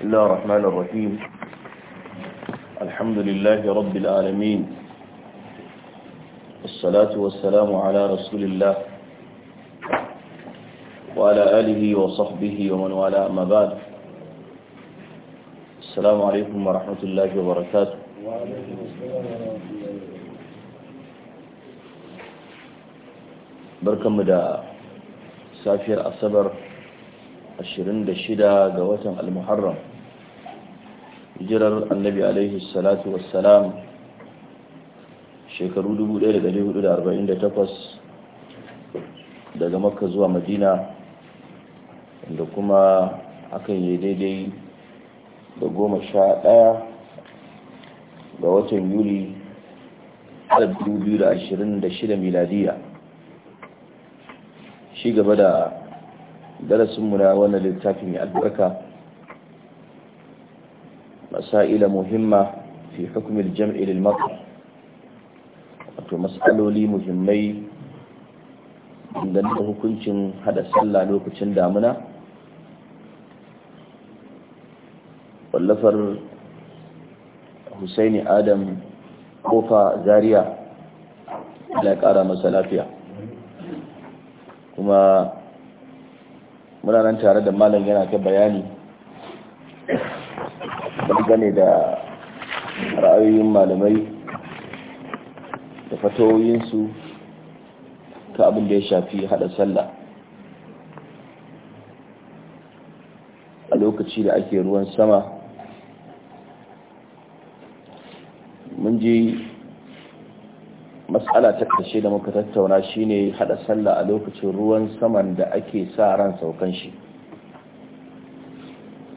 بسم الله الرحمن الرحيم الحمد لله رب العالمين والصلاة والسلام على رسول الله وعلى آله وصحبه ومن والاه أما بعد السلام عليكم ورحمة الله وبركاته وعليكم السلام ورحمة الله بركم دا سافر أصبر الشرند ga watan المحرم hijirar annabi alaihi salatu wassalam shekaru 1448 daga makka zuwa madina da kuma hakan yi daidai da goma sha ɗaya ga watan yuli 2026 miladiya shi gaba da darasinmu na wannan littafi mai albarka Masa'ila muhimma في حكم الجمع للمطر wato لي مهمي عندنا hukuncin hada sallah lokacin damuna wallafar husaini adam kofa Zariya ya kara masa lafiya kuma muna nan tare da malam yana ta bayani dangane da ra'ayoyin malamai da fatoyinsu ta abin da ya shafi hada sallah a lokaci da ake ruwan sama mun ji matsala ta kashe da muka tattauna shine hada sallah a lokacin ruwan saman da ake sa ran saukan shi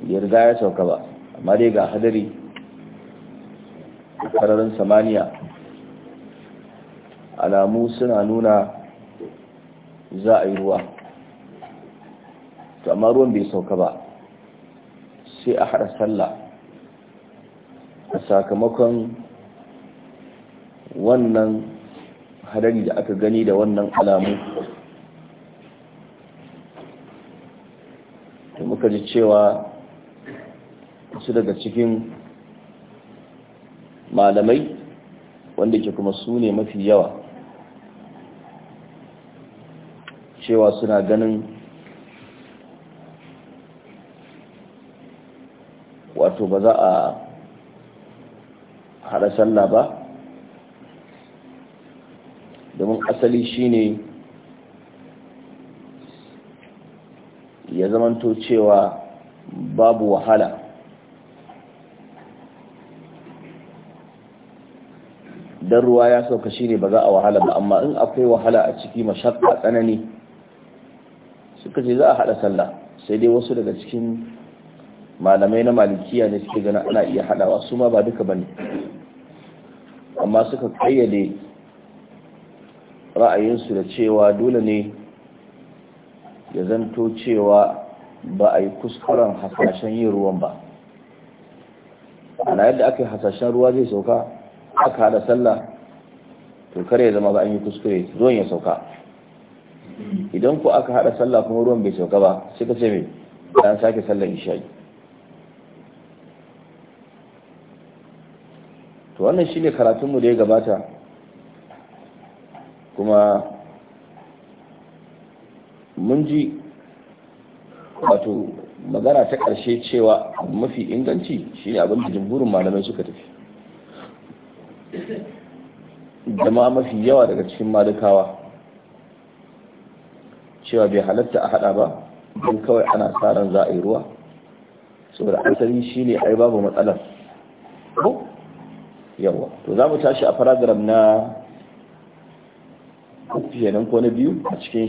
yarda ya sauka ba amma dai ga hadari sararin samaniya alamu suna nuna za a yi ruwa to amma ruwan bai sauka ba sai a haɗa sallah a sakamakon wannan hadari da aka gani da wannan alamu to muka ji cewa wasu daga cikin malamai wanda ke kuma su ne mafi yawa cewa suna ganin wato ba za a haɗa sallah ba domin asali shine ya zamanto cewa babu wahala dan ruwa ya sauka shine ba za a wahala ba amma in akwai wahala a ciki mashakka tsanani suka ce za a hada sallah sai dai wasu daga cikin malamai na malikiya ne suke gana ana iya hadawa su ma ba duka bane amma suka kayyade ra'ayinsu da cewa dole ne ya zanto cewa ba a yi kuskuren hasashen yin ruwan ba ana yadda aka yi hasashen ruwa zai sauka aka hada sallah to kar ya zama ba an yi kuskure ruwan ya sauka idan ku aka hada sallah kuma ruwan bai sauka ba sai ka ce me an sake sallar isha'i to wannan shine mu da ya gabata kuma mun ji wato magana ta ƙarshe cewa mafi inganci shine abin da jimburin malamai suka tafi da mafi yawa daga cikin malikawa cewa bai halatta a hada ba don kawai ana tsaron ran za a yi ruwa saboda asali shi ne ai babu matsalar ko yawa to za mu tashi a faragram na uku kenan ko na biyu a cikin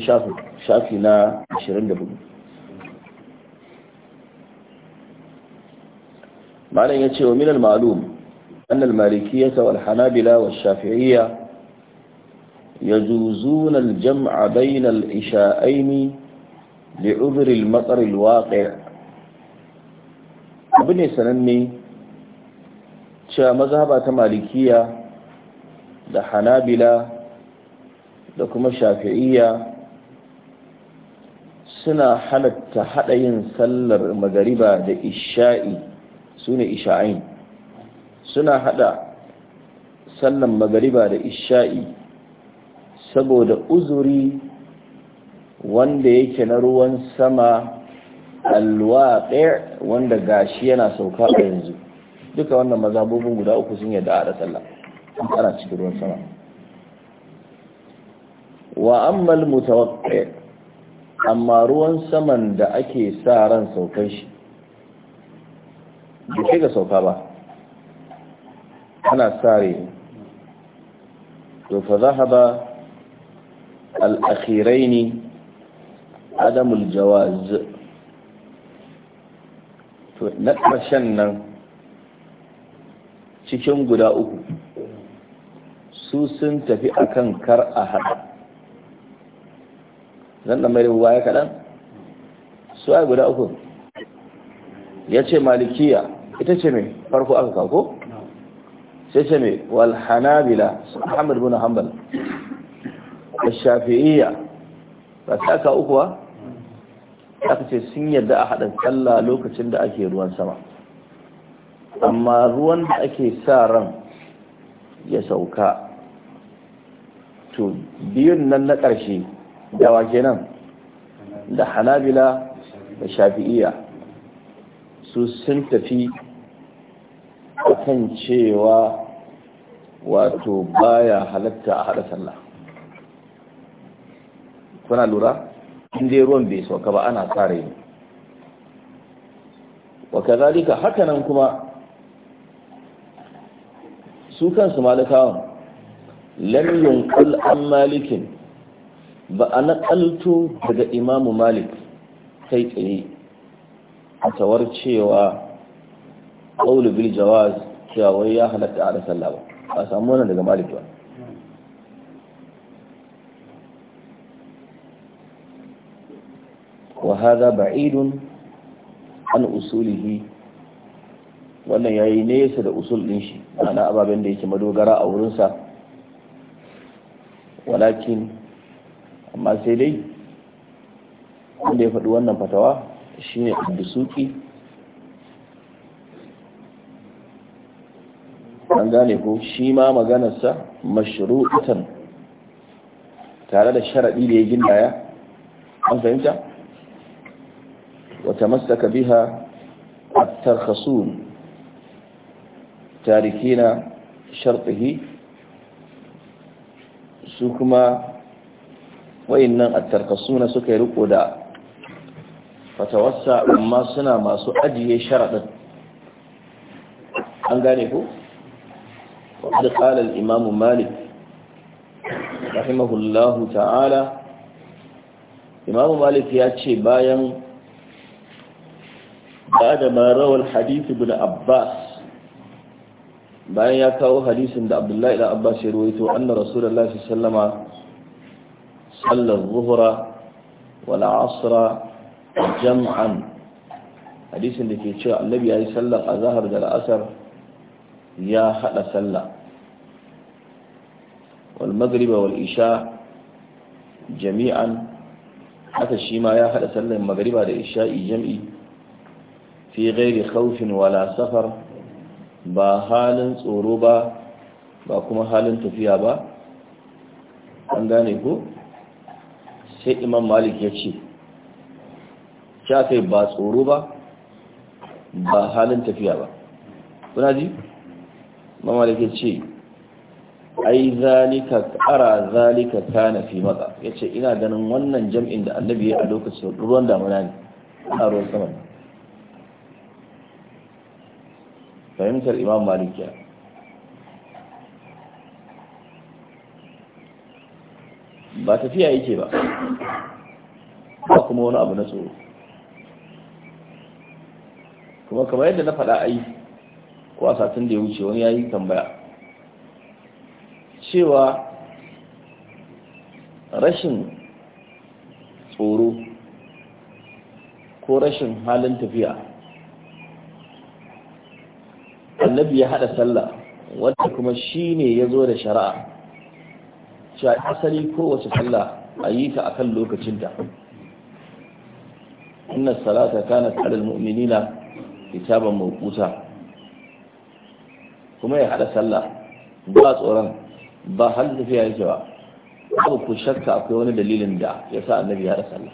shafi na 24 malam ya ce wa minal ma'alum أن المالكية والحنابلة والشافعية يجوزون الجمع بين العشاءين لعذر المطر الواقع abin sananne cewa mazhaba ta malikiya da hanabila da kuma shafi'iyya suna halatta haɗa yin sallar magariba da isha'i suna isha'in suna hada sallan magariba da isha'i saboda uzuri wanda yake na ruwan sama ɗaya wanda gashi yana sauka a yanzu duka wannan mazabobin guda uku sun yadda a da sallah ana cikin ruwan sama wa ammal waƙe amma ruwan saman da ake sa ran saukan shi bai ga sauka ba ana sare to fa zahaba al-akhiraini adamul jawaz to na ƙarshen nan cikin guda uku su sun tafi akan kar a haɗa zan da mai ruwa ya kaɗan su a guda uku ya ce malikiya ita ce mai farko aka kawo sai ce mai wal hanabila Ahmad bin Hanbal da Shafi'iyya ba ta ka ukuwa aka ce sun yadda a haɗa sallah lokacin da ake ruwan sama amma ruwan da ake sa ran ya sauka to biyun nan na ƙarshe dawa nan da hanabila da shafi'iyya su sun tafi a kan cewa wato baya halatta a hada sallah kuna lura in dai ruwan bai sauka ba ana tsare ne wa kazalika hakanan kuma su kansu malikawan lam yunqal an malikin ba a naƙalto daga imamu malik kai tsaye a tawar cewa ƙaunar bil jawaz ya halatta a sallah ba a samu wannan daga malik ba wa hadha ba'idun an usulihi wannan yayi nesa da usul din shi ana ababen da yake madogara a wurin sa walakin amma sai dai wanda ya faɗi wannan fatawa shine abdusuki an gane ko shi ma maganarsa mashru'atan tare da sharaɗi da ya gindaya an fahimta wata masaka biha a tarhasun tarikina sharɗihi su kuma wayannan attarkasuna suka yi riko da fatawassa amma suna masu ajiye sharaɗin an gane ko وقد قال الإمام مالك رحمه الله تعالى إمام مالك ياتي بايا بعد ما روى الحديث ابن عباس bayan ya kawo hadisin da abdullahi da abbas ya ruwaito anna rasulullah sallama sallar zuhura wal asra jam'an hadisin da ke cewa annabi yayi sallar azhar da la'asar ya hada sallah والمغرب والإشاء جميعا haka shima ya haɗa sallar magariba da isha'i jam'i fi gairi khaufin wala safar ba halin tsoro ba ba kuma halin tafiya ba an gane ko sai imam malik ya ce shafai ba tsoro ba ba halin tafiya ba kuna ji? ya ce ai zalika ara zalika kana fi matsa yace ina ganin wannan jam'in da annabi ya a lokacin ruwan damuna ne ana ruwan sama fahimtar imam Malikiya. ba tafiya yake ba ba kuma wani abu na tsoro kuma kamar yadda na faɗa ai ko a satin da ya wuce wani ya yi tambaya cewa rashin tsoro ko rashin halin tafiya annabi ya haɗa sallah wanda kuma shi ne ya zo da shari'a cewa asali kowace sallah a yi ta a kan lokacinta inna salata kana tare mu'minina kitaban mawquta kuma ya haɗa sallah ba tsoron ba da tafiya yake ba ko ku shakka akwai wani dalilin da ya sa annabi ya rasa Allah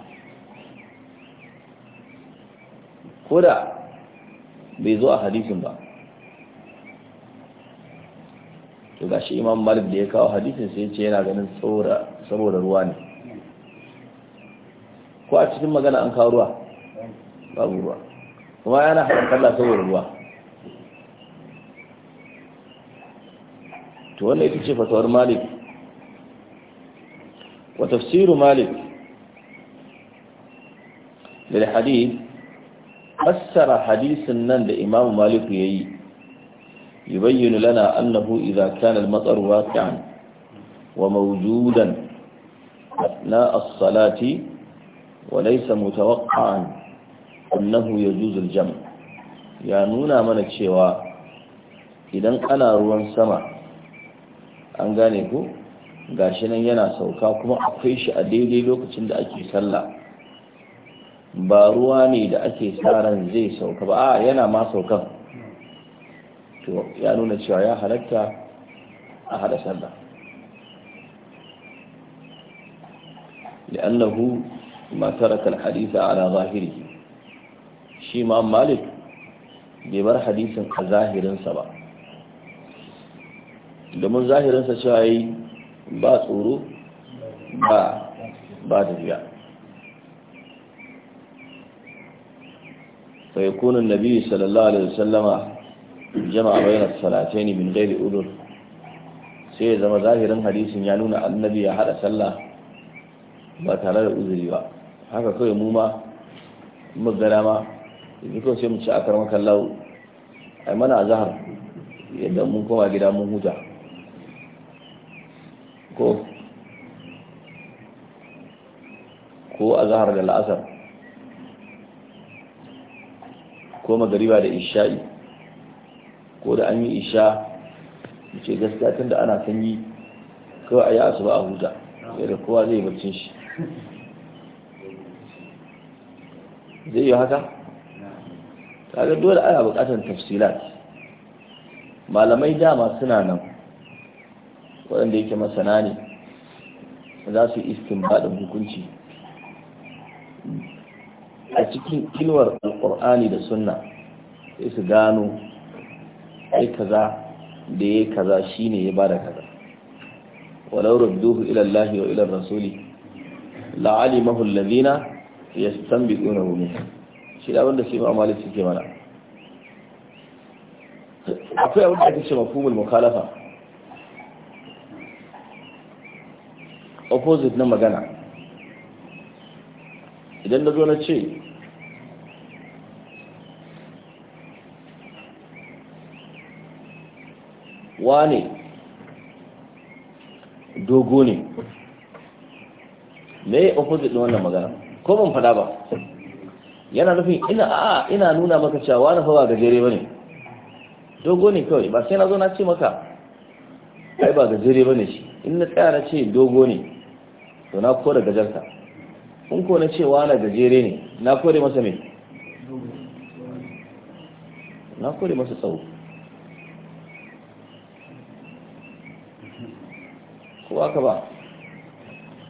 ko da bai zo a hadisin ba to gashi imam malik da ya kawo hadisin sai ce yana ganin tsora saboda ruwa ne ko a cikin magana an kawo ruwa babu ruwa kuma yana haɗin kalla saboda ruwa to wannan ita ce fatawar malik wa tafsiru malik lil hadith fassara hadisin nan da imam malik yayi yubayyinu lana annahu idza kana al-matar waqi'an wa mawjudan أثناء الصلاة وليس متوقعا أنه يجوز jam. ya nuna mana cewa idan ana ruwan sama an gane ko shi nan yana sauka kuma akwai shi a daidai lokacin da ake sallah ba ruwa ne da ake tsaron zai sauka ba a yana ma saukan to ya nuna cewa ya halatta a hada sallah لأنه ma ترك hadisa ala zahirihi shi ma malik bai bar hadisin a zahirinsa ba domin zahirinsa cewa yi ba tsoro ba ba da biya fa yakunu nabi sallallahu alaihi wasallama jama'a bayna salatayn min gairi udur sai ya zama zahirin hadisin ya nuna annabi ya hada sallah ba tare da uzuri ba haka kawai mu ma mu gara ma yanzu kawai sai mu ci akar makallau ai mana zahar yadda mun koma gida mun huta ko ko a zahar da la'asar ko magariba da isha'i ko da an yi isha ce gaskiya tun da ana sanyi kawai a yi asuba a huta da kowa zai barcin shi zai yi haka? kaga dole ana bukatar tafsilat malamai dama suna nan waɗanda yake masana ne za su baɗin hukunci a cikin ilwar alkur'ani da sunna sai su gano ai kaza da ya kaza shine ya bada kaza walau rabduhu ila Allah wa ila rasuli la'alimahu alladhina yastanbiqunahu min shi da wanda shi ba malik suke mana akwai abin da ake ce mafhumul mukhalafa opposite na magana idan na zo na ce wane dogo ne me opposite na wannan magana ko ban fada ba yana nufin ina a ina nuna maka cewa wani gajere ba ne bane dogo ne kawai ba sai na zo na ce maka ai ba gajere bane shi in na tsaya na ce dogo ne to na kore gajarta in ko na ce na gajere ne na kore masa me na kore masa tsawo ko aka ba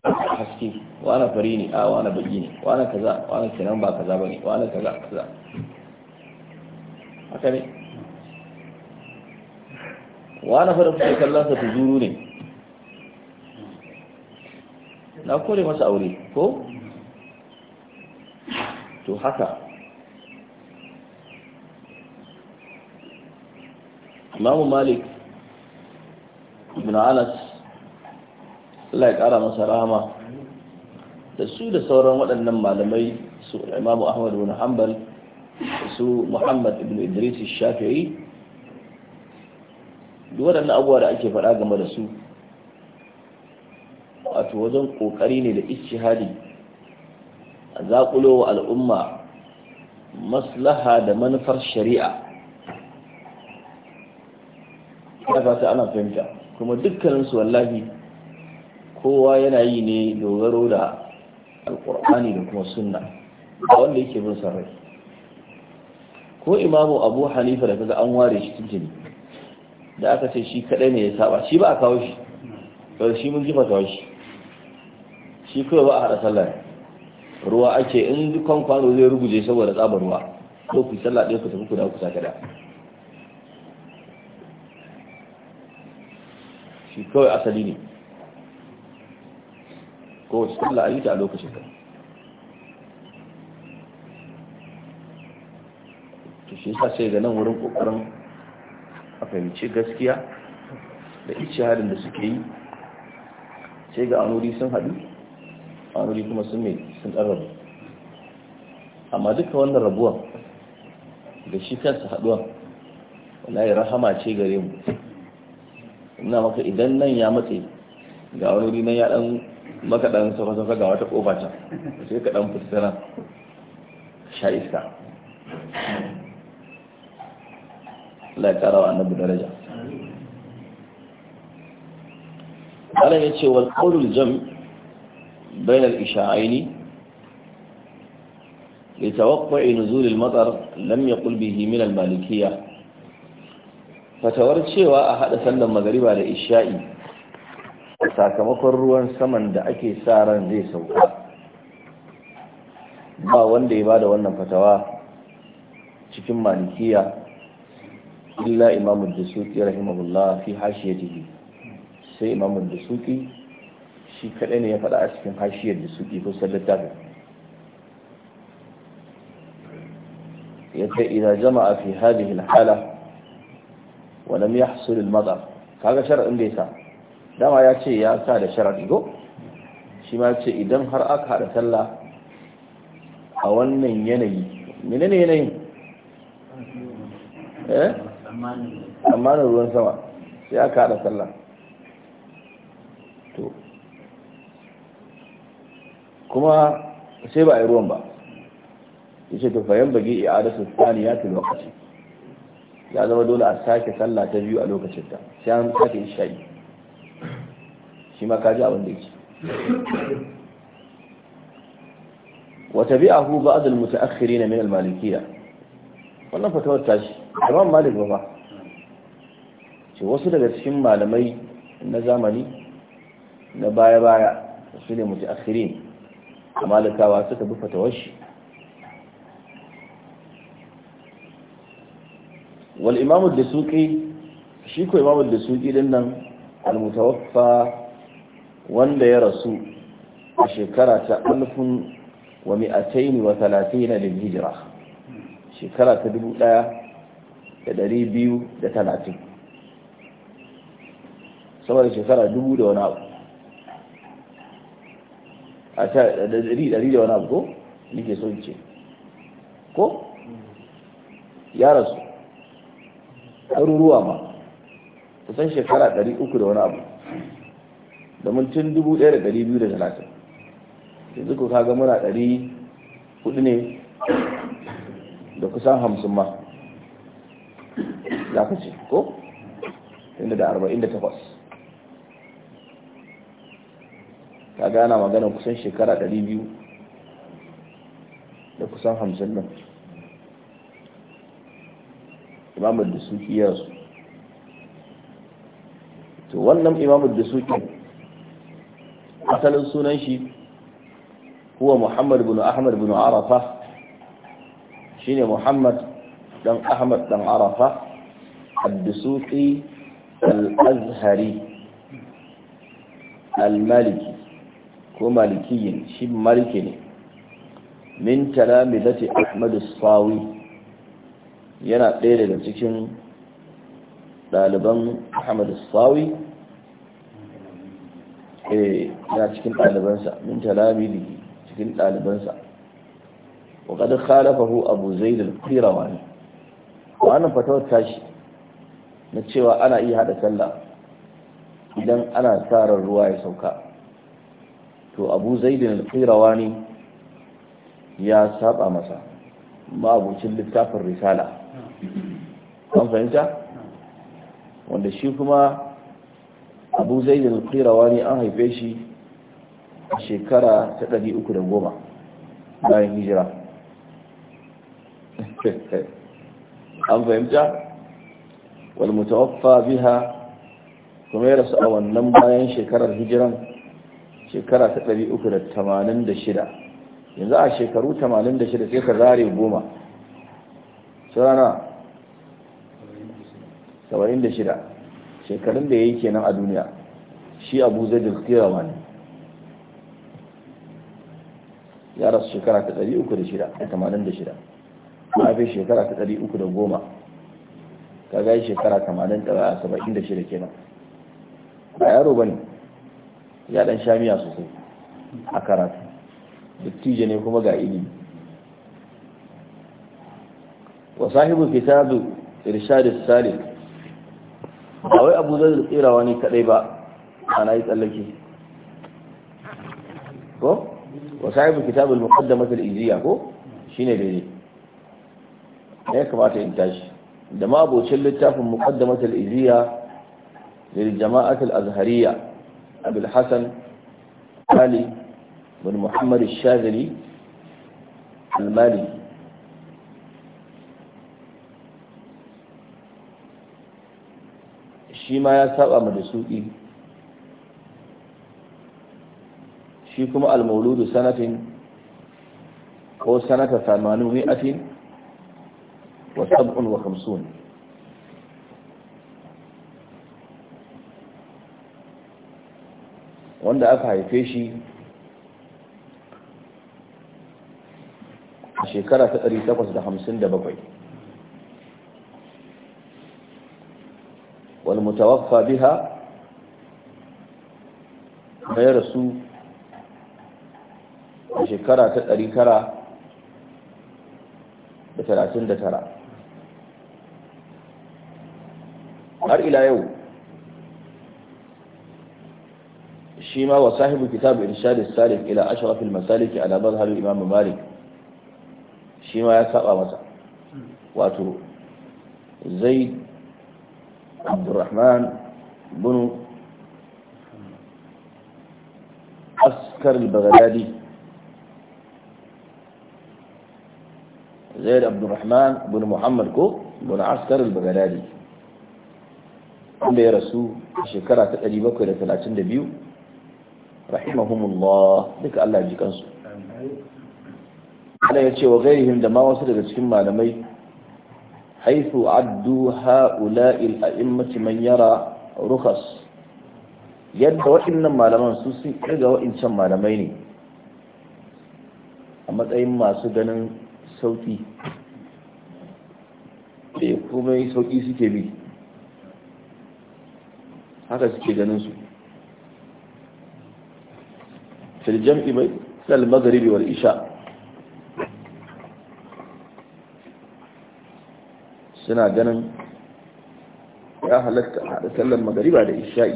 haske wani fari ne a wani baki ne wani kaza wani kenan ba kaza ba ne wani kaza kaza haka ne wani fara kusa kallon sa tuzuru ne na kore masa aure ko to haka imamu malik ibn anas Allah ya kara masa rahama da su da sauran waɗannan malamai su imamu ahmad ibn hanbal su muhammad ibn idris shafi'i duk waɗannan abubuwa da ake faɗa game da su wato wajen kokari ne da ishihadi a zakulo wa al'umma maslaha da manufar shari'a ya fata ana fahimta kuma dukkaninsu wallahi kowa yana yi ne dogaro da alkur'ani da kuma sunna ba wanda yake bin sarrai ko imamu abu hanifa da kaga an ware shi tijini da aka ce shi kadai ne ya saba shi ba a kawo shi shi mun jifa fatawa shi shi kawai ba a haɗa sallah ruwa ake in dukan kwano zai ruguje saboda tsaba ruwa ko ku sallah ɗaya ku tafi ku da ku sake da shi kawai asali ne ko wace sallah a ta a lokacin ka to shi yasa sai ga nan wurin kokarin a fahimci gaskiya da ijtihadin da suke yi sai ga anuri sun haɗu famili kuma sun ne sun ɗan rabu amma duka wannan rabuwan da shi kansa haɗuwan wallahi rahama ce gare mu ina maka idan nan ya matse ga wani wuri nan ya ɗan maka ɗan sauka-sauka ga wata ƙofa can sai ka ɗan fita sha iska Allah ya ƙara wa annabi daraja Allah ya ce wal qawlul jam' بين الإشاعين لتوقع نزول المطر لم يقل به من المالكية فتورد شيوا أحد سنة da لإشائي sakamakon ruwan saman da ake sa ran zai sauka ba wanda ya bada wannan fatawa cikin malikiya illa imamu da suki rahimahullah fi hashiyatihi sai imamu da suki shi kaɗai ne ya faɗa a cikin hashiyar da suke kusan littafin ya ce idan jama'a fi hadihi alhala wani lam yahsul al maza kaga shara'in da sa dama ya ce ya sa da shara'in go shi ma ce idan har aka haɗa sallah a wannan yanayi menene yanayin eh amma ruwan sama sai aka haɗa sallah kuma sai ba a yi ruwan ba ya ce to fayan bagi i'adatu ya fi lokaci ya zama dole a sake sallah ta biyu a lokacin ta sai an sake shayi. shi ma kaji abin da yake wa tabi'ahu ba'd al mutaakhirin min al malikiyya wannan fatawar tashi imam malik ba ce wasu daga cikin malamai na zamani na baya-baya su ne mutu ne. malakawa suka bi fatawar wal imamu da suƙi shi ko imamu da suƙi din nan almutawaffa wanda ya rasu a shekara ta alfin wa mi'ataini wa talatina lil hijira shekara ta dubu ɗaya da ɗari biyu da talatin sama da shekara dubu da wani abu a sha ɗari ɗari da wani abu ko nike so ce ko ya rasu ɗaruruwa ma kusan shekara ɗari uku da wani abu domin tun dubu ɗaya da ɗari biyu da talatin yanzu ku kaga muna ɗari hudu ne da kusan hamsin ma za ka ce ko inda da arba'in da takwas ka gana magana kusan shekara ɗari biyu da kusan hamsin nan imamu da suki ya su to wannan imamu da suki asalin sunan shi kuwa muhammad bin ahmad bin arafa shine muhammad dan ahmad dan arafa al الدسوقي al المالكي ko malikiyin shi maliki ne min talamizati ahmadu sawi yana ɗaya daga cikin ɗaliban ahmadu sawi eh yana cikin ɗalibansa min talamizi cikin ɗalibansa wa kada khalafahu abu zaid al-qirawani wannan fatawar tashi na cewa ana iya haɗa sallah idan ana tsarar ruwa ya sauka to abu zaidin tsirawani ya saba masa abucin littafin risala an fahimta wanda shi kuma abu zaidin tsirawani an haife shi a shekara ta ɗari uku da goma bayan hijira an fahimta walmutawaffa biha kuma ya rasu a wannan bayan shekarar hijiran shekara ta ɗari uku da da tamanin shida. yanzu a shekaru tamanin da shida sai ka zare goma da shida, shekarun da ya yi kenan a duniya shi abu zai dirkirawa ne ya rasu shekara ta ɗari uku da shida. a fi shekara ta ɗari uku da goma, ka gai shekara tamanin da shida kenan ba yaro ba ne ya dan sha miya sosai a karatu dattijo ne kuma ga ilimi wa sahibu kitabu irshadus salih ba wai abu zai tsira wani kadai ba ana yi tsallake ko wa sahibu kitabu al-muqaddamat al-ijriya ko shine dai ne kamata in tashi da ma abocin littafin muqaddamat al-ijriya lil jama'at أبي Ali, bin Muhammadu محمد الشاذلي Mali, shi ma ya saba ma da suƙi shi kuma almauludu sanatin ko sanata samanin wi'atin, wa sab'un wa hamsun wanda aka haife shi a shekara ta 857 wal mutawaffa biha ya rasu a shekara ta 939 har ila yau الشيمة وصاحب كتاب إرشاد السالك إلى أشرف المسالك على مظهر الإمام مالك الشيمة يسأل ومسأل وأتو زيد عبد الرحمن بن عسكر البغدادي زيد عبد الرحمن بن محمد كو بن عسكر البغدادي عمي رسول شكرا تأليبكو إلى 32 rahimahumullah duka Allah ji kansu Allah ya ce wa gairihim da ma wasu daga cikin malamai haifu addu ha'ula'i al'immati man yara rukas yadda waɗannan malaman su sun kirga waɗancan malamai ne a matsayin masu ganin sauƙi da eh, kuma sauƙi suke bi haka suke ganin su في الجمع بين المغرب والإشاء suna ganin ya halatta haɗa sallar magariba da isha'i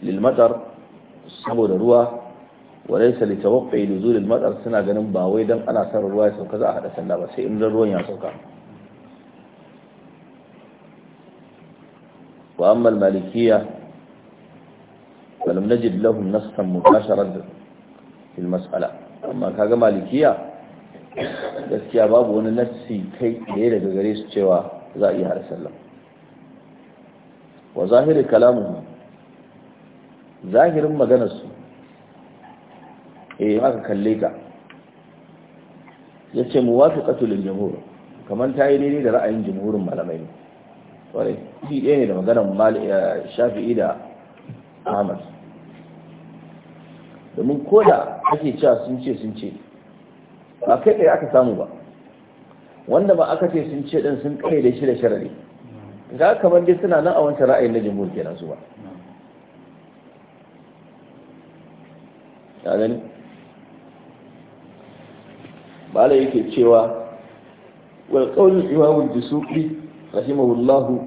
lilmatar saboda ruwa wadai salita wakwai da zuwa lilmatar suna ganin ba wai don ana sarar ruwa ya sauka za a haɗa sallah ba sai in ruwan ya sauka وأما المالكية فلم نجد لهم نصا مباشرا في المسألة أما كاغا مالكية gaskiya babu wani nassi kai ɗaya daga gare su cewa za a iya hada sallah wa zahirin kalamun zahirin maganarsu eh aka kalle ka ya ce muwafiqatu lil jumhur kaman ta yi daidai da ra'ayin jumhurin malamai ne kwarai shi ɗaya ne da maganar eh, shafi'i da ahmad domin ko da ake cewa sun ce sun ce ba kai ɗaya aka samu ba wanda ba aka ce sun ce ɗin sun kai da shi da sharari ga kamar dai suna nan a wancan ra'ayin na jimhur kenan su ba ya gani bala yake cewa wal qawlu imamu bisuqi rahimahullahu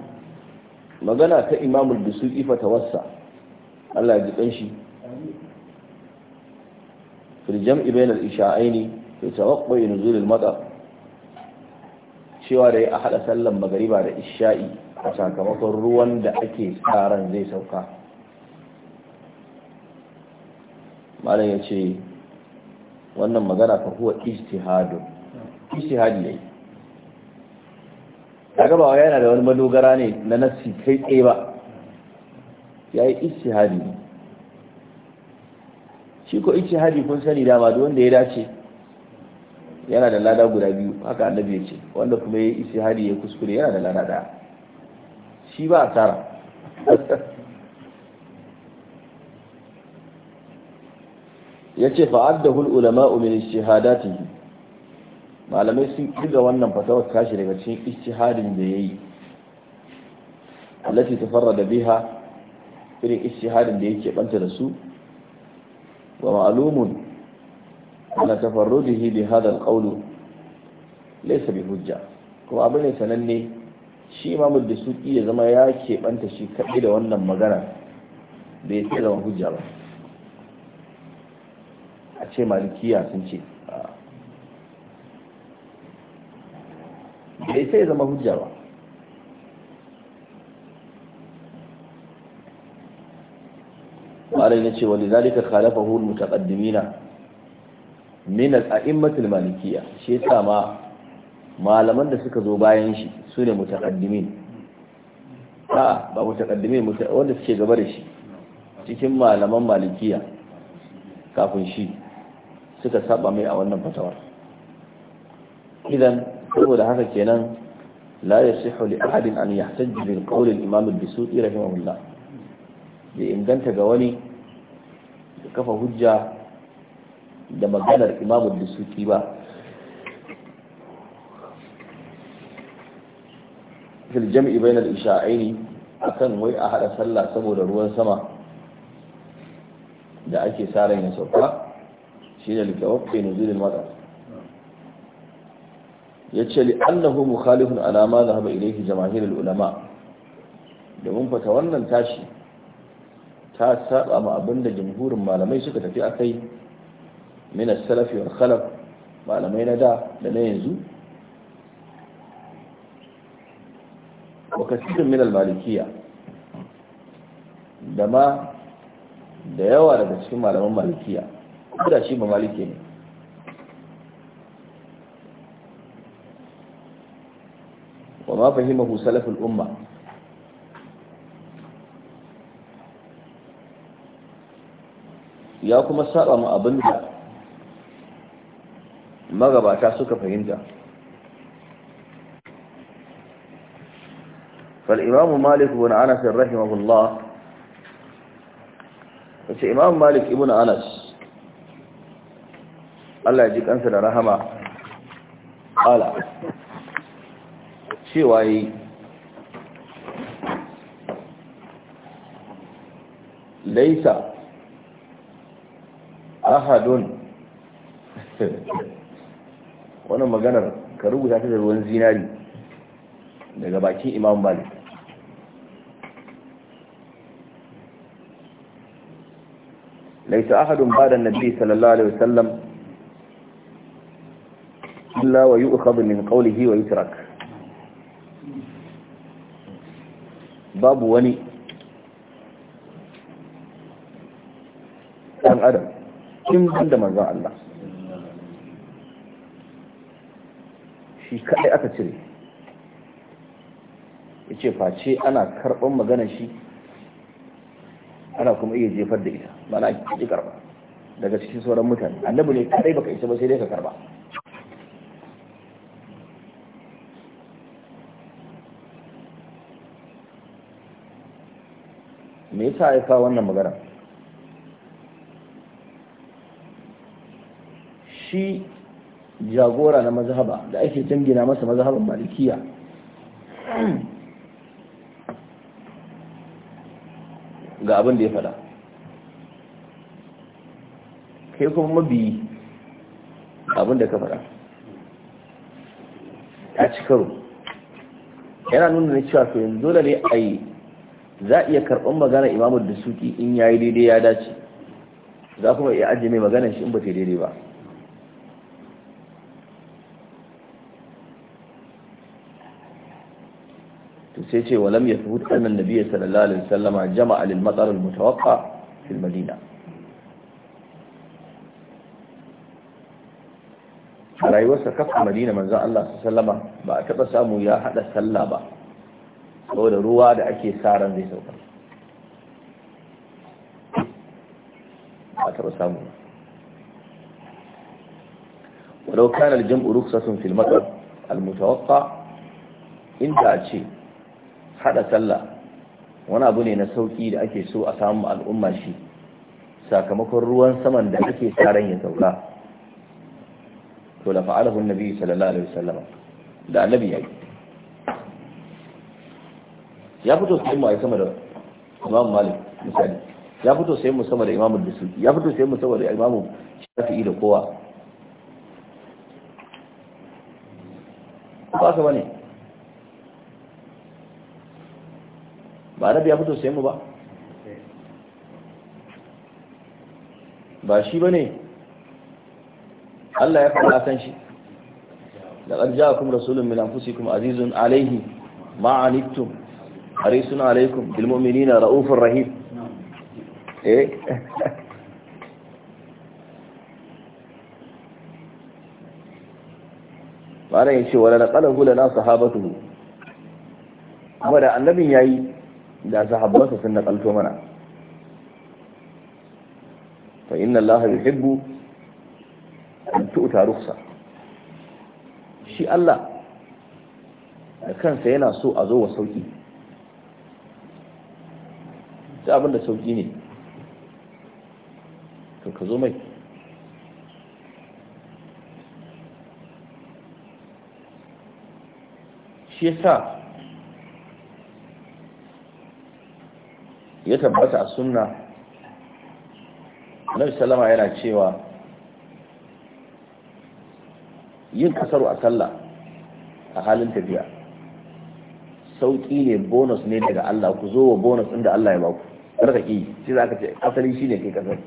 magana ta imamul bisuki fatawassa Allah ya ji kanshi في الجمع isha'aini. الإشاعين في توقع نزول المطر cewa da ya haɗa sallan magariba da isha'i a sakamakon ruwan da ake tsaran zai sauka malam ya ce wannan magana ka huwa ijtihadu ijtihadi kaga ba yana da wani madogara ne na nassi kai tsaye ba yayi hadi shi ko hadi kun sani dama duk wanda ya dace yana da lada guda biyu haka annabi ya ce wanda kuma ya yi hadi ya kuskure yana da lada daya shi ba asara ce fa'ad da hul'ulama min shahadatihi malamai sun kirga wannan fatawar tashi daga cikin ijtihadin da ya yayi allati da biha irin ijtihadin da yake banta da su wa ma'alumun ana da bi hadar al-qawl bi hujja kuma abin ne sananne shi Imam da suki ya zama ya banta shi kaɗai da wannan magana da ya ce zama hujja ba a ce malikiya sun ce bai sai zama hujja ba malai yace wani khalafahu almutaqaddimina min al-a'immat al-malikiyya shi yasa ma malaman da suka zo bayan shi sune mutaqaddimin a ba mutaqaddimin wanda suke gaba da shi cikin malaman malikiya kafin shi suka saba mai a wannan fatawar idan saboda haka kenan la yasihu li ahadin an yahtajj bil qawl al imam al-bisuti rahimahullah bi inganta ga wani da kafa hujja da maganar imam al-bisuti ba fil jam'i bain al-isha'aini kan wai a hada sallah saboda ruwan sama da ake sa ran ya sauka shi ne likawafin nuzulin matsar ya ce li'annahu mukhalifun ala ma zahaba ilayhi jamaahirul ulama domin ta wannan tashi ta saba ma abinda jumhurin malamai suka tafi akai min as-salaf wal khalaf malamai na da da na yanzu wa kasirun min al-malikiyya da ma da yawa daga cikin malaman malikiyya ko da shi ba maliki ne kama fahimahu salaful umma ya kuma saba ma abin magabata suka fahimta فالإمام مالك بن أنس رحمه الله فالإمام مالك بن أنس الله يجيك أنسى رحمه قال cewa yi laisa ahadun wannan maganar ka rubuta ta da ruwan zinari daga bakin imam malik laisa ahadun ba da nabi sallallahu alaihi wasallam illa wa yu'khadhu min qawlihi wa yutrak babu wani ɗan adam in ban da manzan Allah shi kaɗai aka cire ya ce face ana karɓar maganar shi ana kuma iya jefar da ita mana ake karɓa daga cikin sauran mutane annabi ne kaɗai baka isa ba sai dai ka karɓa me yasa ya sa wannan magana shi jagora na mazhaba da ake jingina masa mazhaban malikiya ga abin da ya fada kai kuma mabi abin da ka fada ta ci karo yana nuna ne cewa to yanzu dole ne a yi za a iya karɓar magana imamu da suki in ya yi daidai ya dace za kuma iya ajiye mai magana shi in ba ta daidai ba to sai ce walam ya fi fuhut da nabi sallallahu alaihi sallama, jama'a lil matar al mutawaqqa fil madina a rayuwarsa kafa madina manzan Allah su sallama, ba a taɓa samu ya haɗa sallah ba saboda ruwa da ake sa ran zai sauka a taɓa samu ولو كان الجمع رخصة في المطر inda انت أتشي حدا سلا wani abu ne na sauki da ake so a samun al'umma shi sakamakon ruwan saman da ake tsaron ya sauka to la fa'alahu annabi sallallahu alaihi wasallam da annabi ya yi. ya fito sai mu ai sama da Imam Malik misali ya fito sai mu sama da Imam Dusu ya fito sai mu sama da Imam Shafi'i da kowa ba sa bane ba da ya fito sai mu ba ba shi bane Allah ya fara san shi laqad kuma rasulun min anfusikum azizun alaihi ma harisun alaikum bilmomini na ra'ufin rahim eh ma'ana yin cewa na kalan hula na sahabatu kuma da annabin ya yi da sahabbansa sun naƙalto mana fa inna allaha yuhibbu an tu'ta rukhsa shi Allah da kansa yana so a zo wa sauki sai abin da sauki ne to ka zo mai shi yasa ya tabbata a sunna nabi salama yana cewa yin kasaru a sallah a halin tafiya sauƙi ne bonus ne daga Allah ku zo wa bonus inda Allah ya baku kada ka ki shi za ka ce asali shi ne kai kasar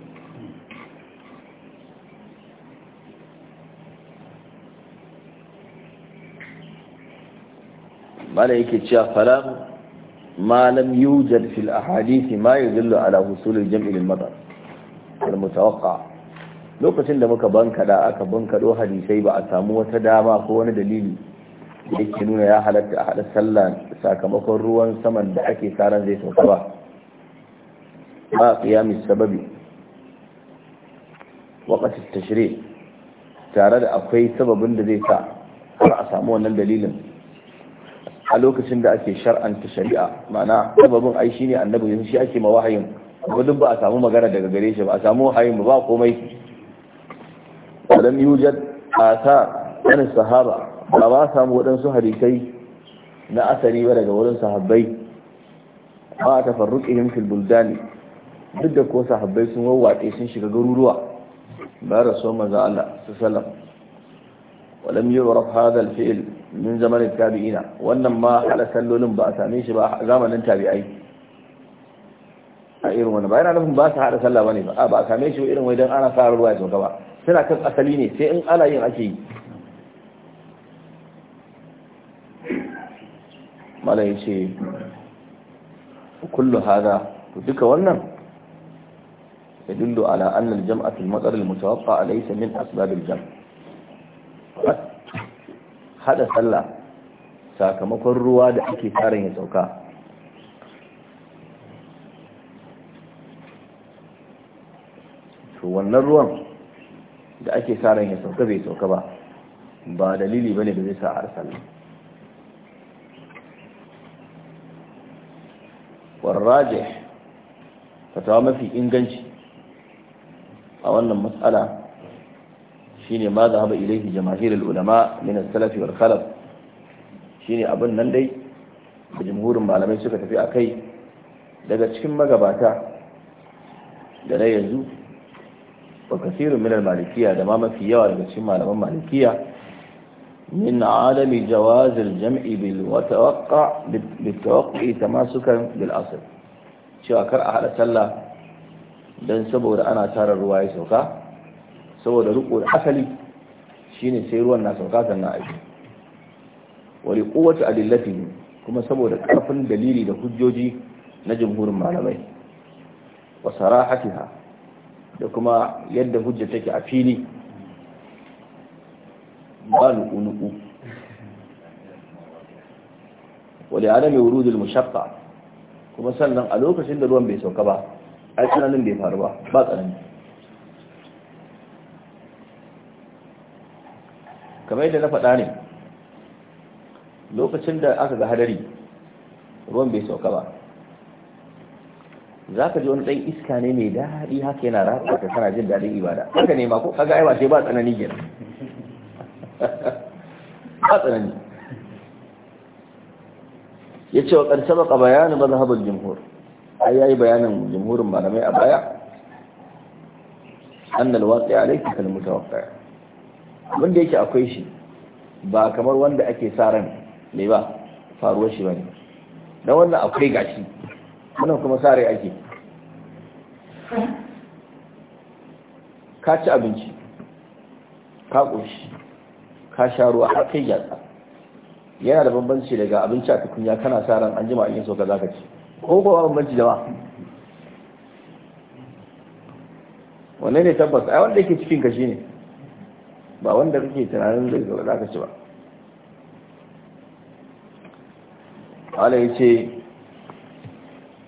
mala yake cewa falam malam yujad fil ahadisi ma zillo ala husulil jam'ilin lil wani mu lokacin da muka banka da aka banka do hadisai ba a samu wata dama ko wani dalili da yake nuna ya halatta a hada sallah sakamakon ruwan saman da ake saran zai sauka ba مع قيام السبب وقت التشريع تارد أقوي سبب الذي سا رأس عمونا دليلا a lokacin da ake shar'anta shari'a ma'ana sababin ai shine annabi yanzu shi ake mawahayin ko duk ba a samu magana daga gare shi ba a samu wahayin ba komai lam yujad athar an sahaba ba ba samu waɗansu hadisai na asali ba daga wurin sahabai. ba tafarruqihim fil buldani duk da ko sahabbai sun wawwaƙe sun shiga garuruwa ba da so maza Allah su salam walam yi wa hadal fi'il min zamanin tabi'ina wannan ma hada sallolin ba a same shi ba a zamanin tabi'ai a irin wani ba yana nufin ba su hada sallah ba a ba a same shi irin wai don ana sa ruwa ya sauka ba suna kan asali ne sai in ana yin ake yi malayin ce kullu hada duka wannan يدل على أن الجمع في المطر المتوقع ليس من أسباب الجمع هذا سلا ساكمكن روا da ake tsarin ya sauka to wannan ruwan da ake ran ya sauka bai sauka ba ba dalili bane da zai sa a sallah warraje fatawa mafi inganci a wannan matsala shine ma zahaba ilaihi jamaahirul ulama min as wal khalaf shine abin nan dai da jumhurin malamai suka tafi kai daga cikin magabata da na yanzu wa minar min malikiya da ma mafi yawa daga cikin malaman malikiya min adami jawaz jami bil wa tawaqqa bil tawaqi tamasukan bil cewa kar a haɗa sallah don saboda ana tara ruwa ya sauka saboda riko da asali shine sai ruwan na sauka sannan a yi wani kowace adillati kuma saboda karfin dalili da hujjoji na jumhurin malamai wa sarahatiha da kuma yadda hujja take a fili ba nuku-nuku wani adami mu mushaqqa kuma sannan a lokacin da ruwan bai sauka ba ai tsananin bai faru ba ba tsanani kamar yadda na faɗa ne lokacin da aka ga hadari ruwan bai sauka ba za ka ji wani ɗan iska ne mai daɗi haka yana rafa ka kana jin daɗin ibada haka ne ma ko kaga aiwa ce, sai ba tsanani kenan ba tsanani ya ce wa ƙarshe ba bayanu zahabar jimhur ai yayi bayanin jumhurin malamai a baya annal waqi alayka kal mutawaqqa wanda yake akwai shi ba kamar wanda ake sa ran ne ba faruwar shi bane dan wannan akwai gashi wannan kuma sare ake ka ci abinci ka ƙoshi ka sha ruwa har kai yatsa, yana da bambanci daga abinci a tukunya kana sa ran an jima in so ka zaka ci ko ko banci jama'a wanne ne tabbas ai wanda yake cikin ka ne ba wanda kake tunanin da zaka za ka ci ba Allah ya ce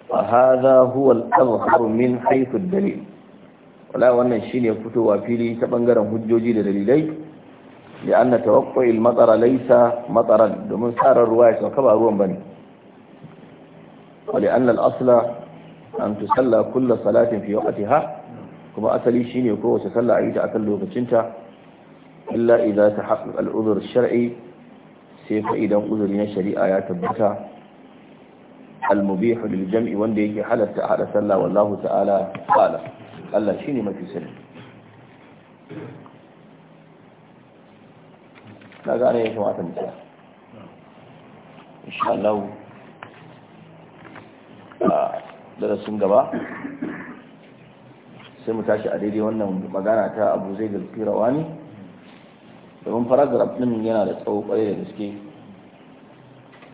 wa hadha huwa al min haythu ad wala wannan shine fitowa fili ta bangaren hujjoji da dalilai da anna tawaqqu'il matara laisa matsaran domin sarar ruwa ya sauka ba ruwan bane ولأن الأصل أن تصلى كل صلاة في وقتها كما أصلي شيني وكو تصلى عيد أكل وقتنتا إلا إذا تحقق العذر الشرعي سيف إذا أذرنا الشريعة يا تبتا المبيح للجمع وندي حالة على صلى والله تعالى قال الله شيني ما في سنة لا قال يا جماعة إن شاء الله a darasin gaba sai mu tashi a daidai wannan magana ta abu zai da rawa ne domin paragraf ɗin yana da tsawo ƙwarai da gaske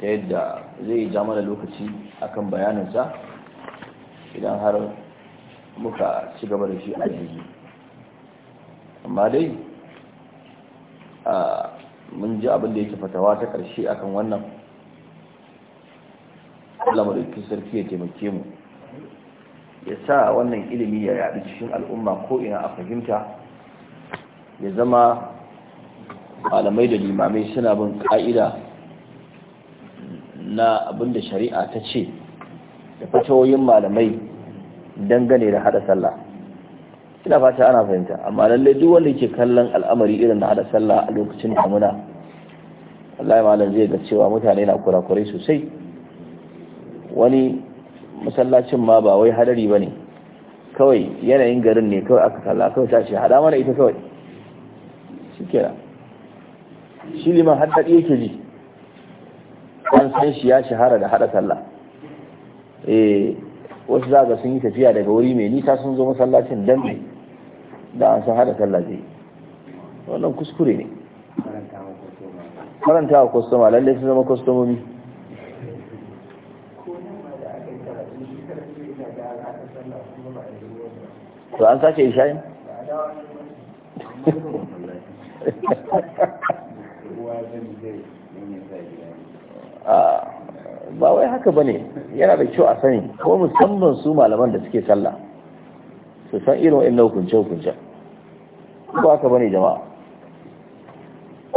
ta yadda zai ja mana lokaci akan bayaninsa idan har muka ci gaba da shi a jirgi amma dai mun ji abin da yake fatawa ta ƙarshe akan wannan Allah madaukakin sarki ya taimake mu ya sa wannan ilimi ya yaɗu cikin al'umma ko ina a fahimta ya zama malamai da limamai suna bin ƙa'ida na abinda shari'a ta ce da fatoyin malamai dangane da hada sallah ina fata ana fahimta amma lallai duk wanda ke kallon al'amari irin na hada sallah a lokacin damuna wallahi malam zai ga cewa mutane na kurakurai sosai wani masallacin ma ba wai hadari ba ne kawai yanayin garin ne kawai aka kalla kawai ta ce hada mana ita kawai shi kira shi liman haddadi yake ji an san shi ya shahara da hada sallah eh wasu za ga sun yi tafiya daga wuri mai nisa sun zo masallacin dan ne da an san hada sallah zai wannan kuskure ne karanta wa kwastoma lallai sun zama kwastomomi to an sace ishayin ah, ba wai haka ba ne yana da kyau a sani ko musamman su malaman da suke sallah su san irin wa'in na hukunce-hukunce ko haka ba ne jama'a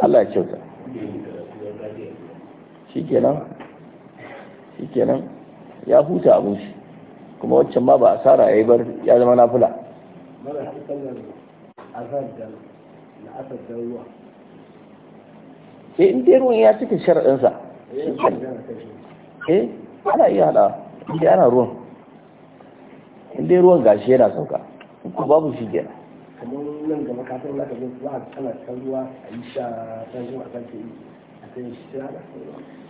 Allah ya kyauta shi kenan shi kenan ya huta abin shi kuma waccan ma ba asara ya yi bar ya zama nafula mara su sallar azar da la'asar da ruwa eh inda ruwan ya cikin shar'insa eh ana iya hada inda eh, ana ruwan inda ruwan gashi yana sauka ko babu shi gina kamar nan gaba makasar san zaka za a kana kan ruwa a yi sha ta zuwa a kan teyi a kan shi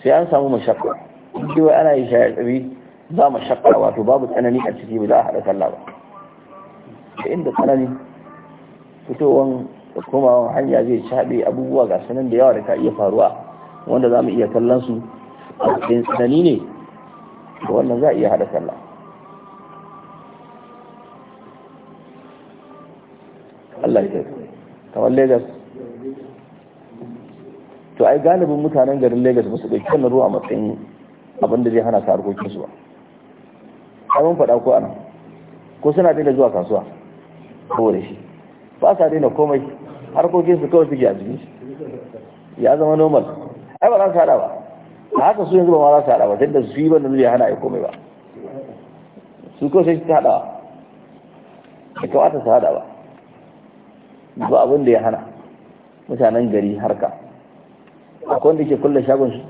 sai an samu mashakka in ana yi sha ya tsabi ba mashakka wato babu tsanani a ciki ba za a hada sallah ba da inda tsanani fitowar da komawan hanya zai shaɗe abubuwa ga sanan da yawa da ka iya faruwa wanda za mu iya kallon su a cikin tsanani ne da wannan za a iya haɗa kalla. Allah ya kamar Legas to ai galibin mutanen garin Legas ba su ɗauki wannan ruwa a matsayin abin da zai hana su ba ai mun faɗa ko ana ko suna da zuwa kasuwa saboda shi ba sa daina komai harkokin su kawai suke a jini ya zama normal ai ba za su hada ba a haka su yanzu ba ma za su hada ba tunda su yi ba da zuriya hana ai komai ba su kawai sai su hada ba ya kawata su hada ba ba abin da ya hana mutanen gari harka akwai wanda ke kulle shagon shi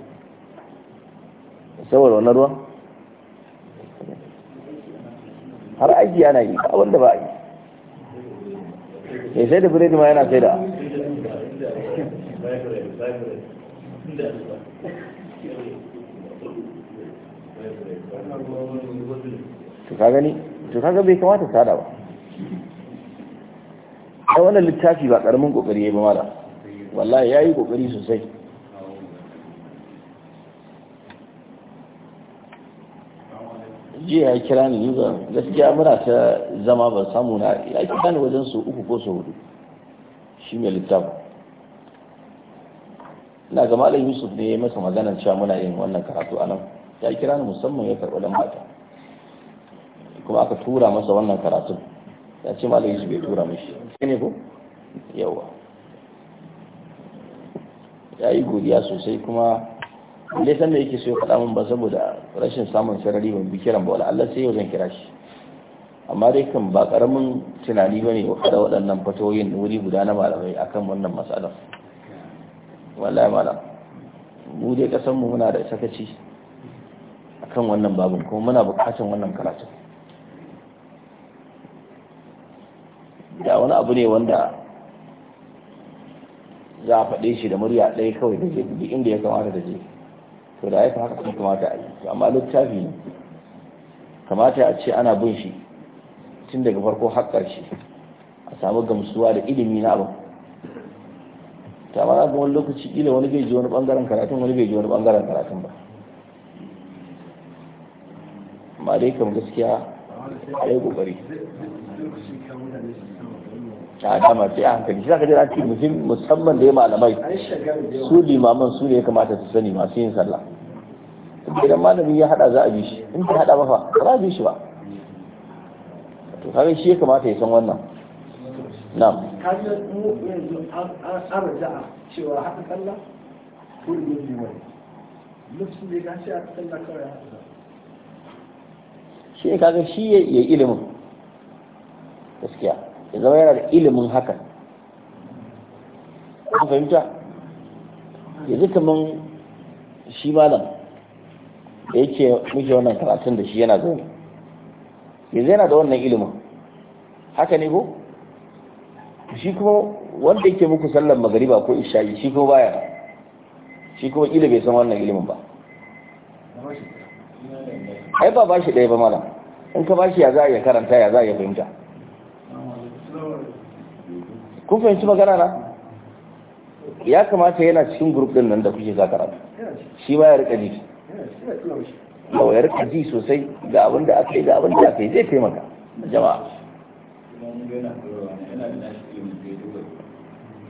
saboda wani ruwa har aiki ana yi abin da ba a yi ya eh, sai da biredi ma yana sai da tuka gani bai kamata sada ba a wannan littafi ba karamin kokari ya yi ba mara wallahi ya yi kokari sosai jiya ya kira ni ba gaskiya muna ta zama ban samu na ya kira ni wajen su uku ko su hudu shi mai littafi na ga malam yusuf ne ya masa magana cewa muna yin wannan karatu a nan ya kira ni musamman ya karɓi lambata kuma aka tura masa wannan karatun ya ce malam yusuf ya tura mishi ne ko yawa ya yi godiya sosai kuma ne san me yake so ya faɗa min ba saboda rashin samun sarari ban bi kiran ba wala Allah sai yau zan kira shi amma dai kan ba karamin tunani bane ya waɗannan fatoyin wuri guda na malamai akan wannan matsalar wallahi malam mu dai kasan mu muna da sakaci akan wannan babin kuma muna buƙatar wannan karatu da wani abu ne wanda za a faɗe shi da murya ɗaya kawai da je inda ya kamata da je to da aika haka kuma kamata a yi amma littafi ne kamata a ce ana bin shi tun daga farko har ƙarshe a samu gamsuwa da ilimi na abu ta amma na wani lokaci ila wani bai ji wani ɓangaren karatun wani bai ji wani ɓangaren karatun ba amma dai kam gaskiya a yi kokari a dama sai a hankali shi zaka jira an ce musamman da ya malamai su limaman su ne ya kamata su sani masu yin sallah idan malami ya hada za a bi shi in ka hada ba fa ba za a bi shi ba to kaga shi ya kamata ya san wannan na'am ji mu yanzu an raja'a cewa haka sallah ko ne liman lokacin da ka gashi a sallah kawai haka shi kaga shi ya ilimin gaskiya ya zama yana da ilimin hakan an fahimta yanzu kamar shi malam da yake muke wannan karatun da shi yana zaune yanzu yana da wannan ilimin haka ne ko shi kuma wanda yake muku sallar magariba ko isha'i shi kuma baya shi kuma ilimin bai san wannan ilimin ba ai ba ba shi ɗaya ba malam in ka ba shi ya za a iya karanta ya za a iya fahimta kun fahimci magana na ya kamata yana cikin grup din nan da kuke za karatu shi ba ya rika ji ya rika ji sosai ga abin da aka yi ga abin da aka yi zai taimaka jama'a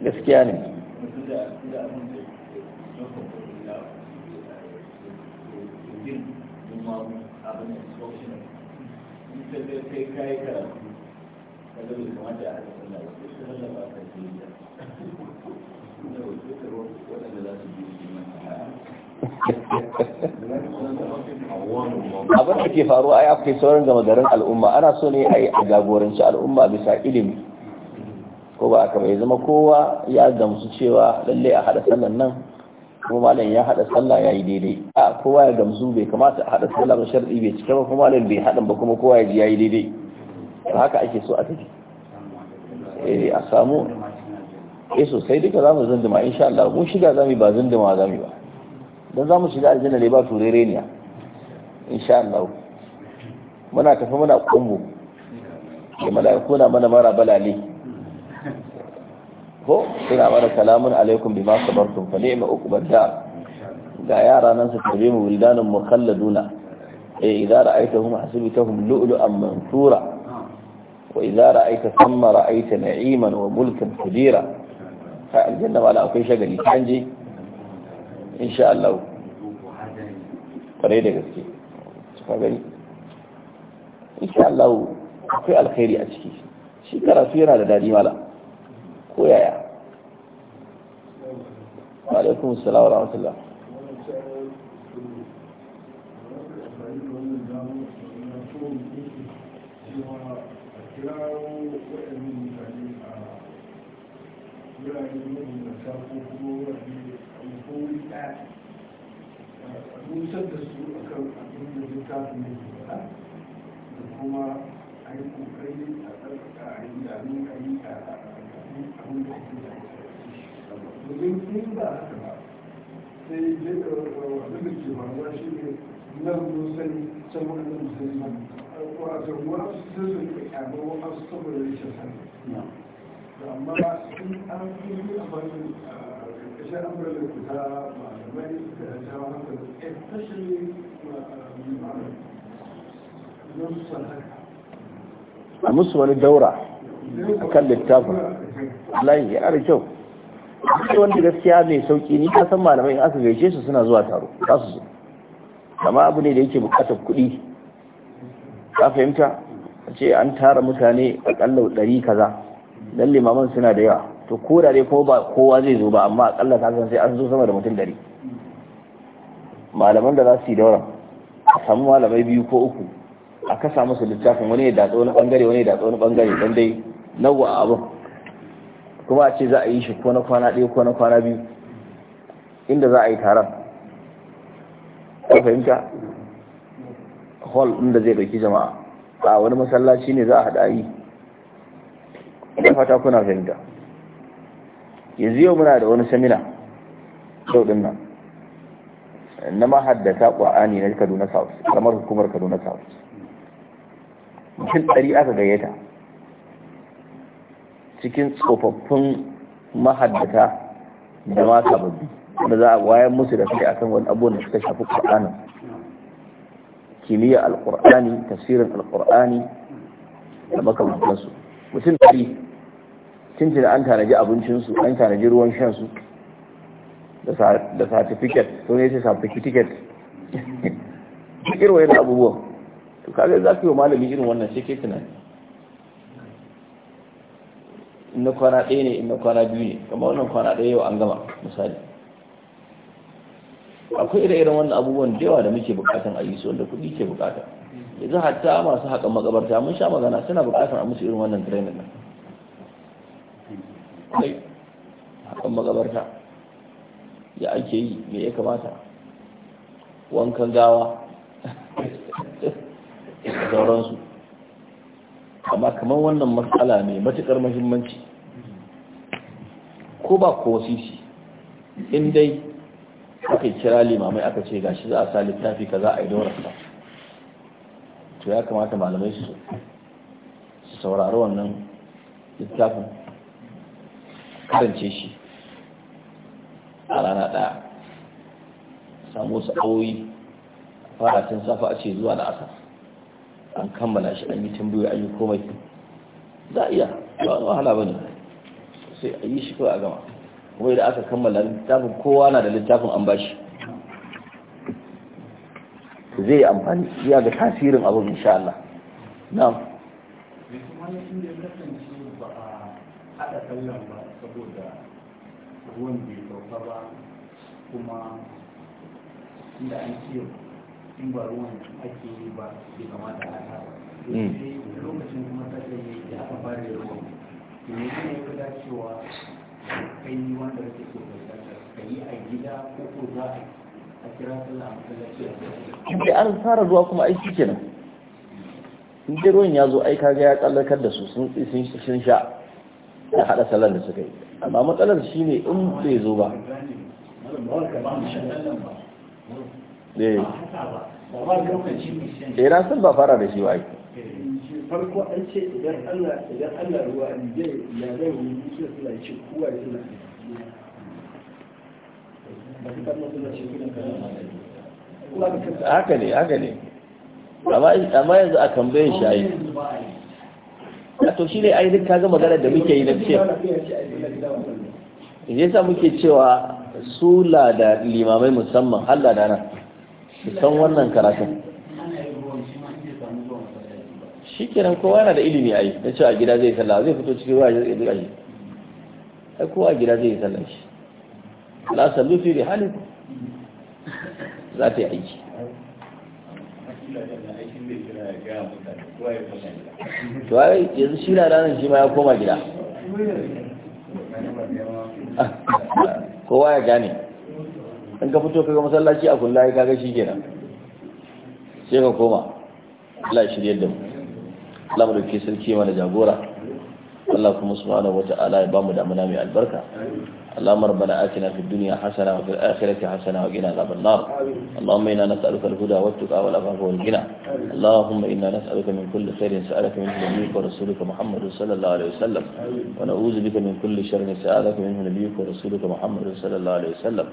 gaskiya ne abin da abin da ke faruwa ya fi sauran gama garin al'umma ana so ne a yi a jagoranci al'umma bisa ilimi ko ba aka bai zama kowa ya gamsu cewa lalle a hada sallan nan kuma malam ya hada sallah ya yi daidai a kowa ya gamsu bai kamata a hada sallah ba shardi bai cika ba kuma malam bai hadan ba kuma kowa ya ji yi daidai haka ake so a tafi Eh, a samu eh sosai duka za mu zindima insha Allah mun shiga zami ba zindima zami ba don za mu shiga aljanna ne ba turere ne insha Allah muna tafi muna kumbu ke mala'iku na mana mara balali ko suna mana salamun alaikum masu sabartum fa ni'ma uqbad dar ga yara nan su tabe mu wildanun mukhalladuna eh idza ra'aytahum hasibtahum lu'lu'an mansura وإذا رأيت ثم رأيت نعيما وملكا كبيرا فالجنة ولا أقول شغلي كانجي إن شاء الله قريدة قسكي شغلي إن شاء الله أقول الخير أشكي شكرا فينا لدادي مالا كويا يا وعليكم السلام ورحمة الله Thank you. kirawo waɗannan mutane a wuraren mabambanta ko kuma wuraren alkawari ɗaya a busar da su a kan abin da littafin da ke da kuma a yi ƙoƙari a ƙarfafa a yi damin a yi a abin da ake da domin in ba haka ba sai eh, eh, abin da ke faruwa shi ne nan sani can wani musulman wato wasu wasu saboda sani amma an yi da kuta da haka especially don su san haka a musu wani daura a kan littafin ya da kyau duk wanda gaskiya mai sauki ni ka san malamai in aka gaishe su suna zuwa taro za zo amma abu ne da yake bukatar kuɗi ka fahimta a ce an tara mutane a kalla dari kaza dan limaman suna da yawa to ko da ko ba kowa zai zo ba amma a kalla ka san sai an zo sama da mutum dari malaman da za su yi daura a samu malamai biyu ko uku a kasa musu littafin wani ya datsa wani bangare wani ya datsa wani bangare dan dai nawa a abin kuma a ce za a yi shi ko na kwana ɗaya ko na kwana biyu inda za a yi taron ka fahimta hall inda zai dauki jama'a a wani masallaci ne za a hada yi da fata kuna fahimta yanzu yau muna da wani samina sau din nan na mahaddata ƙwa'ani na kaduna south kamar hukumar kaduna south cikin ɗari aka gayyata cikin tsofaffin mahaddata da ma sababbi wanda za a wayan musu da kai akan wani abubuwan da suka shafi ƙwa'anin kimiyyar alkur'ani tafsirin alkur'ani da makamantansu mutum ɗari tuntuna an tanaji abincinsu an tanaji ruwan shansu da certificate to ne ce certificate duk irin wani abubuwa. to kaga za ka yi malami irin wannan sai ke tunani in na kwana ɗaya ne in na kwana biyu ne kamar wannan kwana ɗaya yau an gama misali akwai ire-iren wannan abubuwan da yawa da muke bukatan a yi su wanda kuɗi ke bukata yanzu hatta masu haƙa makabarta mun sha magana suna bukatan a musu irin wannan training nan kai haƙan makabarta ya ake yi me ya kamata wankan gawa da sauransu amma kamar wannan matsala mai matuƙar mahimmanci ko ba ko sisi in dai aka kira limamai aka ce gashi za a sa littafi ka za a yi daurarsa to ya kamata malamai su su saurari wannan littafin karance shi a rana ɗaya samu wasu awoyi fara tun safa a ce zuwa da asa an kammala shi an yi tambayoyi an yi komai za a iya ba wahala ba ne sai a yi shi kawai a gama kuma idan aka kammala littafin kowa na da littafin an bashi zai amfani ya ga tasirin abin insha Allah na haɗa ruwan bai sauka ba kuma inda an ce in ba ruwan ake yi ba da kamata a ta mm. lokacin kuma ya fara ruwan kai wanda so ka yi a gida ko ko a kira sallah a masallaci an fara zuwa kuma aiki kenan in dai ruwan ya zo ai kaga ya tsallakar da su sun tsi sun sha da hada sallar da suka yi amma matsalar shine in bai zo ba E, na san ba fara da shi ba aiki farko an ce idan Allah idan Allah ruwa zai ya zai yi su suna ce kuwa ya suna haka ne haka ne amma yanzu a tambayin shayi a to shi ne ainihin kaga magana da muke yi na ce sa muke cewa su da limamai musamman har ladana su san wannan karatun shikenan kowa yana da ilimi a yi na cewa gida zai sallah zai fito cikin ruwa zai duka shi ai kowa gida zai yi sallah shi la sallu fi halin za ta yi aiki to ai yanzu shi na ranar shi ma ya koma gida kowa ya gane in ka fito kaga masallaci a kullaye kaga shi kenan sai ka koma Allah shirye da mu Allah madauki sarki mana jagora Allah kuma subhanahu wata'ala ya bamu damuna mai albarka Allahumma rabbana atina fid dunya hasana wa fil akhirati hasana wa qina adhaban nar Allahumma inna nas'aluka al huda wat taqwa wal afafa wal ghina Allahumma inna nas'aluka min kulli khairin sa'alaka minhu nabiyyuka wa rasuluka Muhammadun sallallahu alaihi wasallam wa na'udhu bika min kulli sharrin sa'alaka minhu nabiyyuka wa rasuluka Muhammadun sallallahu alaihi wasallam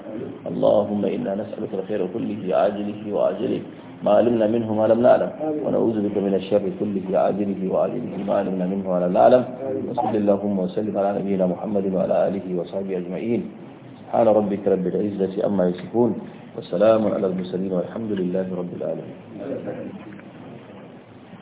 Allahumma inna nas'aluka al khayra ما علمنا منه ما لم نعلم ونعوذ بك من الشر كله عاجله وعاجله ما علمنا منه ما لم نعلم وصل اللهم وسلم على نبينا محمد وعلى آله وصحبه أجمعين سبحان ربك رب العزة أما يصفون والسلام على المرسلين والحمد لله رب العالمين